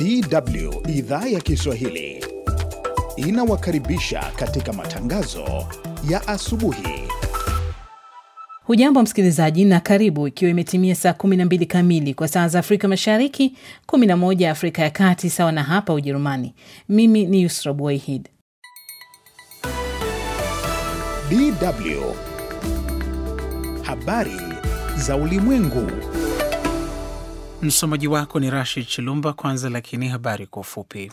DW idhaa ya Kiswahili inawakaribisha katika matangazo ya asubuhi. Hujambo msikilizaji na karibu, ikiwa imetimia saa 12 kamili kwa saa za Afrika Mashariki, 11 Afrika ya Kati, sawa na hapa Ujerumani. Mimi ni Yusra Buaihid. DW habari za ulimwengu Msomaji wako ni Rashid Chilumba. Kwanza lakini habari kwa ufupi.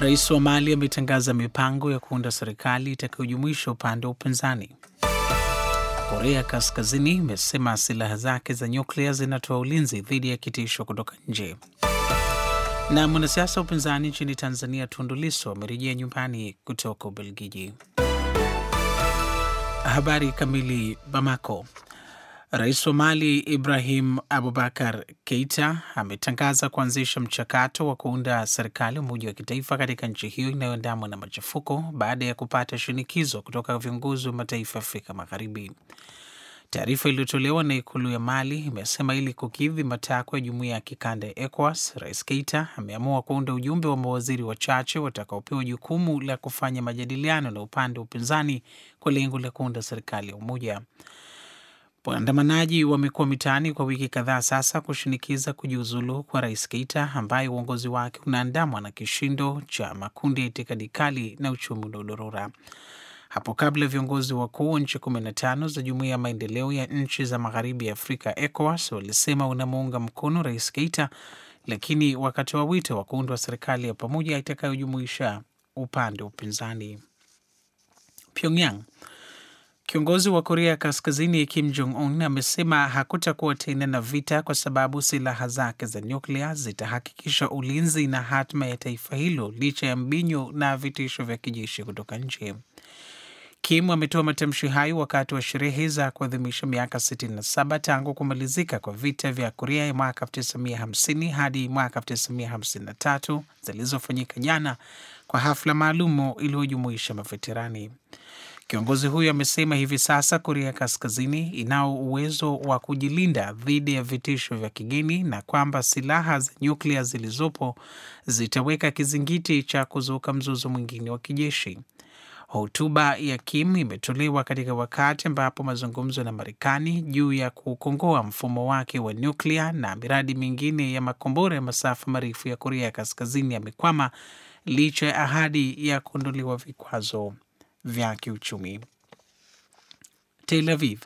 Rais wa Mali ametangaza mipango ya kuunda serikali itakayojumuisha upande wa upinzani. Korea Kaskazini imesema silaha zake za nyuklia zinatoa ulinzi dhidi ya kitisho kutoka nje. Na mwanasiasa wa upinzani nchini Tanzania Tundu Lissu amerejea nyumbani kutoka Ubelgiji. Habari kamili. Bamako, Rais wa Mali Ibrahim Abubakar Keita ametangaza kuanzisha mchakato wa kuunda serikali umoja wa kitaifa katika nchi hiyo inayoandamwa na machafuko baada ya kupata shinikizo kutoka viongozi wa mataifa ya Afrika Magharibi. Taarifa iliyotolewa na ikulu ya Mali imesema ili kukidhi matakwa ya jumuiya ya kikanda ya ECOWAS, Rais Keita ameamua kuunda ujumbe wa mawaziri wachache watakaopewa jukumu la kufanya majadiliano na upande wa upinzani kwa lengo la kuunda serikali ya umoja. Waandamanaji wamekuwa mitaani kwa wiki kadhaa sasa kushinikiza kujiuzulu kwa Rais Keita ambaye uongozi wake unaandamwa na kishindo cha makundi ya itikadi kali na uchumi unaodorora. Hapo kabla viongozi wakuu wa nchi 15 za Jumuiya ya Maendeleo ya Nchi za Magharibi ya Afrika ECOWAS walisema unamuunga mkono Rais Keita, lakini wakatoa wito wa kuundwa serikali ya pamoja itakayojumuisha upande wa upinzani. Pyongyang Kiongozi wa Korea Kaskazini Kim Jong Un amesema hakutakuwa tena na vita kwa sababu silaha zake za nyuklia zitahakikisha ulinzi na hatma ya taifa hilo licha ya mbinyo na vitisho vya kijeshi kutoka nje. Kim ametoa matamshi hayo wakati wa sherehe za kuadhimisha miaka 67 tangu kumalizika kwa vita vya Korea ya mwaka 1950 hadi mwaka 1953 zilizofanyika jana kwa hafla maalumu iliyojumuisha maveterani. Kiongozi huyo amesema hivi sasa Korea Kaskazini inao uwezo wa kujilinda dhidi ya vitisho vya kigeni na kwamba silaha za nyuklia zilizopo zitaweka kizingiti cha kuzuka mzozo mwingine wa kijeshi. Hotuba ya Kim imetolewa katika wakati ambapo mazungumzo na Marekani juu ya kukongoa mfumo wake wa nyuklia na miradi mingine ya makombora ya masafa marefu ya Korea Kaskazini yamekwama licha ya ahadi ya kuondolewa vikwazo vya kiuchumi. Tel Aviv.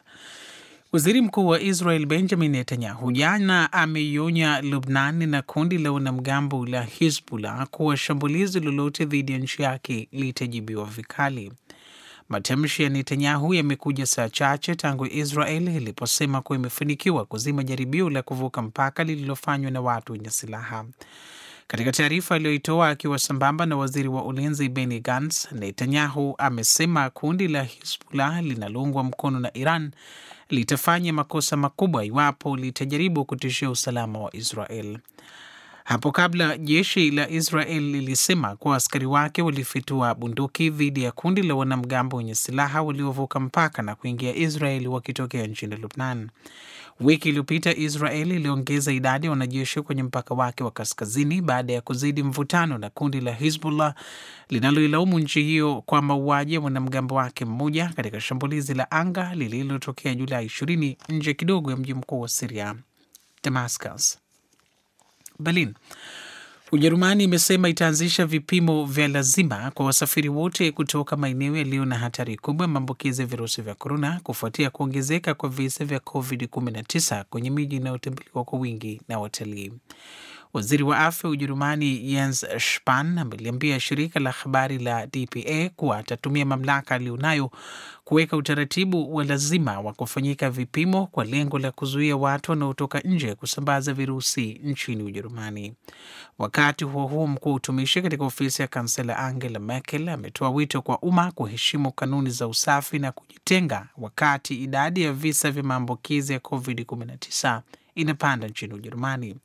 Waziri Mkuu wa Israel Benjamin Netanyahu jana ameionya Lubnan na kundi la wanamgambo la Hizbullah kuwa shambulizi lolote dhidi ya nchi yake litajibiwa vikali. Matamshi ya Netanyahu yamekuja saa chache tangu Israel iliposema kuwa imefanikiwa kuzima jaribio la kuvuka mpaka lililofanywa na watu wenye silaha. Katika taarifa aliyoitoa akiwa sambamba na waziri wa ulinzi Benny Gantz, Netanyahu amesema kundi la Hizbullah linaloungwa mkono na Iran litafanya makosa makubwa iwapo litajaribu kutishia usalama wa Israel. Hapo kabla jeshi la Israel lilisema kuwa askari wake walifitua bunduki dhidi ya kundi la wanamgambo wenye silaha waliovuka mpaka na kuingia Israel wakitokea nchini lubnan Wiki iliyopita Israeli iliongeza idadi ya wanajeshi kwenye mpaka wake wa kaskazini baada ya kuzidi mvutano na kundi la Hizbullah linaloilaumu nchi hiyo kwa mauaji ya mwanamgambo wake mmoja katika shambulizi la anga lililotokea Julai 20 nje kidogo ya mji mkuu wa Siria, Damascus. Berlin Ujerumani imesema itaanzisha vipimo vya lazima kwa wasafiri wote kutoka maeneo yaliyo na hatari kubwa ya maambukizi ya virusi vya korona kufuatia kuongezeka kwa visa vya COVID-19 kwenye miji inayotembelewa kwa wingi na watalii. Waziri wa afya wa Ujerumani Jens Spahn ameliambia shirika la habari la DPA kuwa atatumia mamlaka aliyonayo kuweka utaratibu wa lazima wa kufanyika vipimo kwa lengo la kuzuia watu wanaotoka nje kusambaza virusi nchini Ujerumani. Wakati huo huo, mkuu wa utumishi katika ofisi ya kansela Angela Merkel ametoa wito kwa umma kuheshimu kanuni za usafi na kujitenga wakati idadi ya visa vya maambukizi ya COVID-19 inapanda nchini Ujerumani.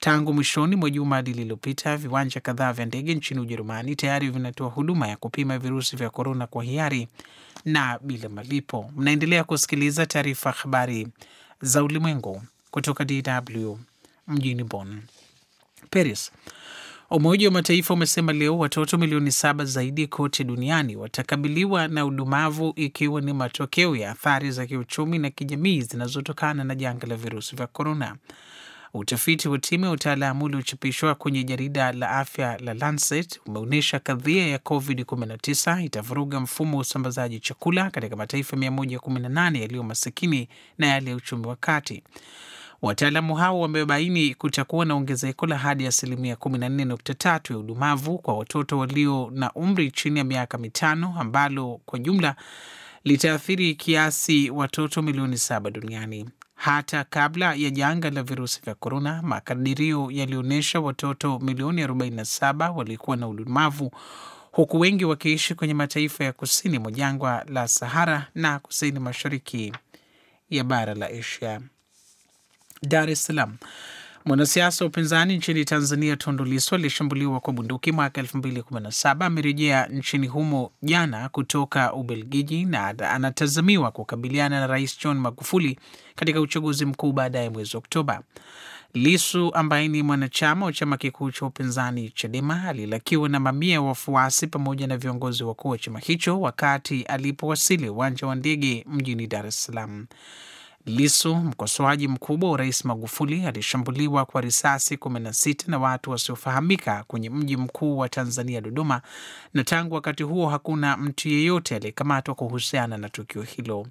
Tangu mwishoni mwa juma lililopita, viwanja kadhaa vya ndege nchini Ujerumani tayari vinatoa huduma ya kupima virusi vya korona kwa hiari na bila malipo. Mnaendelea kusikiliza taarifa habari za ulimwengu kutoka DW mjini Bonn. Paris Umoja wa Mataifa umesema leo watoto milioni saba zaidi kote duniani watakabiliwa na udumavu ikiwa ni matokeo ya athari za kiuchumi na kijamii zinazotokana na janga la virusi vya korona. Utafiti wa timu ya utaalamu uliochapishwa kwenye jarida la afya la Lancet umeonyesha kadhia ya COVID-19 itavuruga mfumo wa usambazaji chakula katika mataifa 118 yaliyo masikini na yale ya uchumi wa kati. Wataalamu hao wamebaini kutakuwa na ongezeko la hadi asilimia 14.3 ya udumavu kwa watoto walio na umri chini ya miaka mitano ambalo kwa jumla litaathiri kiasi watoto milioni saba duniani. Hata kabla ya janga la virusi vya korona, makadirio yalionyesha watoto milioni 47 walikuwa na udumavu, huku wengi wakiishi kwenye mataifa ya kusini mwa jangwa la Sahara na kusini mashariki ya bara la Asia. Dar es Salaam. Mwanasiasa wa upinzani nchini Tanzania Tundu Lissu alishambuliwa kwa bunduki mwaka 2017 amerejea nchini humo jana kutoka Ubelgiji na anatazamiwa kukabiliana na Rais John Magufuli katika uchaguzi mkuu baadaye mwezi Oktoba. Lissu ambaye ni mwanachama wa chama kikuu cha upinzani Chadema alilakiwa na mamia ya wafuasi pamoja na viongozi wakuu wa chama hicho wakati alipowasili uwanja wa ndege mjini Dar es Salaam. Lisu, mkosoaji mkubwa wa Rais Magufuli, alishambuliwa kwa risasi 16 na watu wasiofahamika kwenye mji mkuu wa Tanzania, Dodoma, na tangu wakati huo hakuna mtu yeyote aliyekamatwa kuhusiana na tukio hilo.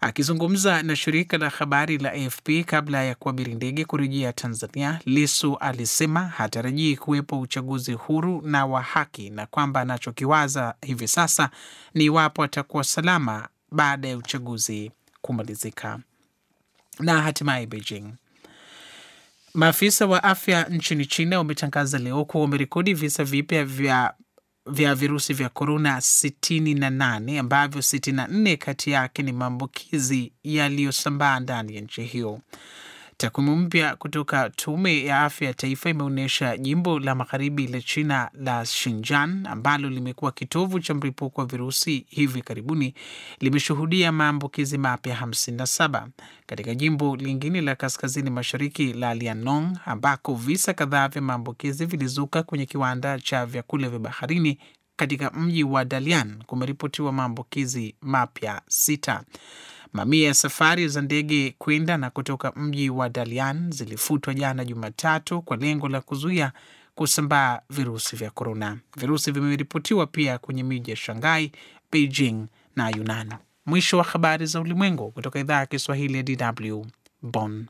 Akizungumza na shirika la habari la AFP kabla ya kuabiri ndege kurejea Tanzania, Lisu alisema hatarajii kuwepo uchaguzi huru na wa haki na kwamba anachokiwaza hivi sasa ni iwapo atakuwa salama baada ya uchaguzi kumalizika. Na hatimaye Beijing, maafisa wa afya nchini China wametangaza leo kuwa wamerekodi visa vipya vya vya virusi vya korona 68 ambavyo 64 kati yake ni maambukizi yaliyosambaa ndani ya nchi hiyo. Takwimu mpya kutoka Tume ya Afya ya Taifa imeonyesha jimbo la magharibi la China la Xinjiang ambalo limekuwa kitovu cha mlipuko wa virusi hivi karibuni limeshuhudia maambukizi mapya 57. Katika jimbo lingine la kaskazini mashariki la Liaoning ambako visa kadhaa vya maambukizi vilizuka kwenye kiwanda cha vyakula vya baharini katika mji wa Dalian kumeripotiwa maambukizi mapya sita. Mamia ya safari za ndege kwenda na kutoka mji wa Dalian zilifutwa jana Jumatatu kwa lengo la kuzuia kusambaa virusi vya korona. Virusi vimeripotiwa pia kwenye miji ya Shanghai, Beijing na yunan Mwisho wa habari za ulimwengu kutoka idhaa ya Kiswahili ya DW Bonn.